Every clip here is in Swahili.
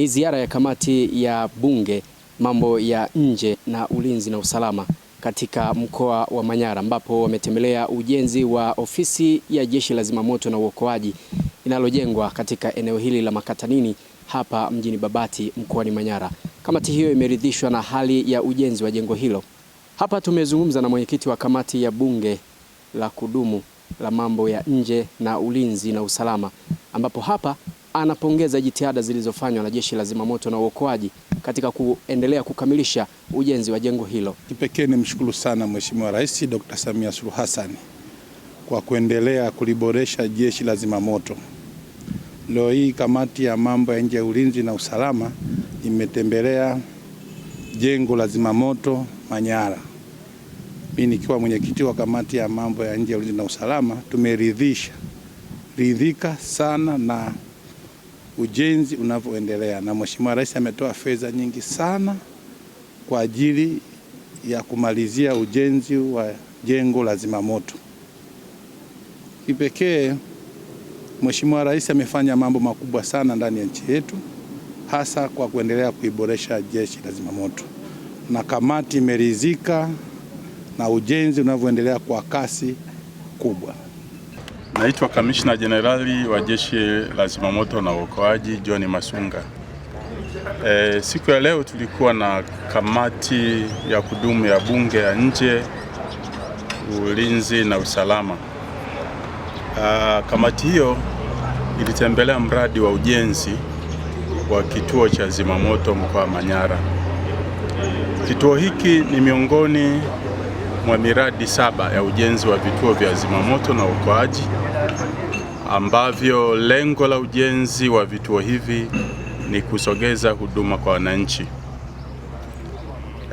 Ni ziara ya kamati ya bunge mambo ya nje na ulinzi na usalama katika mkoa wa Manyara ambapo wametembelea ujenzi wa ofisi ya jeshi la zimamoto na uokoaji inalojengwa katika eneo hili la Makatanini hapa mjini Babati mkoani Manyara. Kamati hiyo imeridhishwa na hali ya ujenzi wa jengo hilo. Hapa tumezungumza na mwenyekiti wa kamati ya bunge la kudumu la mambo ya nje na ulinzi na usalama ambapo hapa anapongeza jitihada zilizofanywa na Jeshi la Zimamoto na Uokoaji katika kuendelea kukamilisha ujenzi wa jengo hilo. Kipekee ni mshukuru sana Mheshimiwa Rais Dr. Samia Suluhu Hassan kwa kuendelea kuliboresha Jeshi la Zimamoto. Leo hii kamati ya mambo ya nje ya ulinzi na usalama imetembelea jengo la zimamoto Manyara. Mimi nikiwa mwenyekiti wa kamati ya mambo ya nje ya ulinzi na usalama, tumeridhisha ridhika sana na ujenzi unavyoendelea, na Mheshimiwa Rais ametoa fedha nyingi sana kwa ajili ya kumalizia ujenzi wa jengo la zimamoto. Kipekee Mheshimiwa Rais amefanya mambo makubwa sana ndani ya nchi yetu, hasa kwa kuendelea kuiboresha jeshi la zimamoto, na kamati imeridhika na ujenzi unavyoendelea kwa kasi kubwa. Naitwa Kamishna Jenerali wa Jeshi la Zimamoto na Uokoaji John Masunga. E, siku ya leo tulikuwa na kamati ya kudumu ya Bunge ya Nje, Ulinzi na Usalama. A, kamati hiyo ilitembelea mradi wa ujenzi wa kituo cha zimamoto mkoa wa Manyara. Kituo hiki ni miongoni mwa miradi saba ya ujenzi wa vituo vya zimamoto na uokoaji ambavyo lengo la ujenzi wa vituo hivi ni kusogeza huduma kwa wananchi.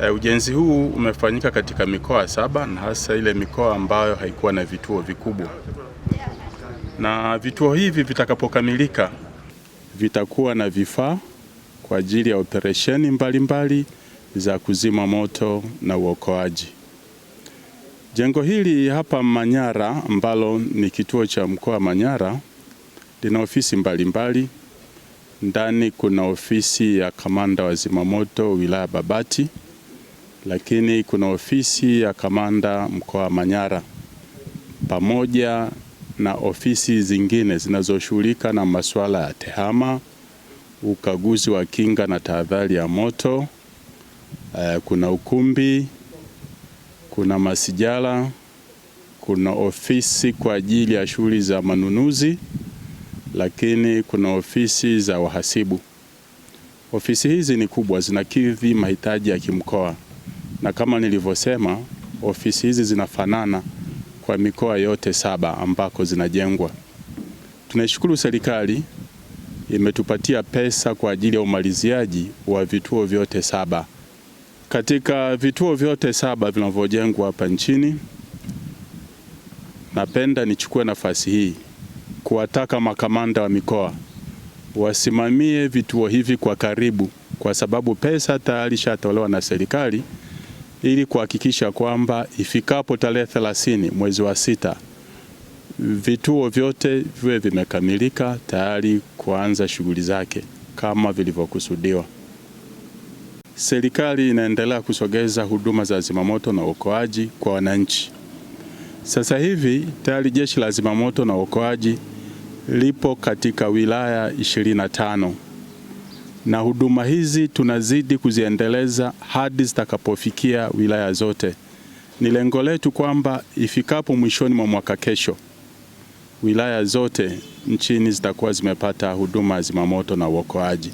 E, ujenzi huu umefanyika katika mikoa saba na hasa ile mikoa ambayo haikuwa na vituo vikubwa. Na vituo hivi vitakapokamilika vitakuwa na vifaa kwa ajili ya operesheni mbalimbali za kuzima moto na uokoaji. Jengo hili hapa Manyara ambalo ni kituo cha mkoa wa Manyara lina ofisi mbalimbali mbali. Ndani kuna ofisi ya kamanda wa zimamoto wilaya Babati, lakini kuna ofisi ya kamanda mkoa wa Manyara pamoja na ofisi zingine zinazoshughulika na masuala ya tehama, ukaguzi wa kinga na tahadhari ya moto. Eh, kuna ukumbi kuna masijala, kuna ofisi kwa ajili ya shughuli za manunuzi, lakini kuna ofisi za wahasibu. Ofisi hizi ni kubwa, zinakidhi mahitaji ya kimkoa, na kama nilivyosema, ofisi hizi zinafanana kwa mikoa yote saba ambako zinajengwa. Tunaishukuru serikali imetupatia pesa kwa ajili ya umaliziaji wa vituo vyote saba. Katika vituo vyote saba vinavyojengwa hapa nchini, napenda nichukue nafasi hii kuwataka makamanda wa mikoa wasimamie vituo hivi kwa karibu, kwa sababu pesa tayari shatolewa na serikali ili kuhakikisha kwamba ifikapo tarehe 30 mwezi wa sita vituo vyote viwe vimekamilika tayari kuanza shughuli zake kama vilivyokusudiwa. Serikali inaendelea kusogeza huduma za zimamoto na uokoaji kwa wananchi. Sasa hivi tayari jeshi la zimamoto na uokoaji lipo katika wilaya 25 na huduma hizi tunazidi kuziendeleza hadi zitakapofikia wilaya zote. Ni lengo letu kwamba ifikapo mwishoni mwa mwaka kesho, wilaya zote nchini zitakuwa zimepata huduma ya zimamoto na uokoaji.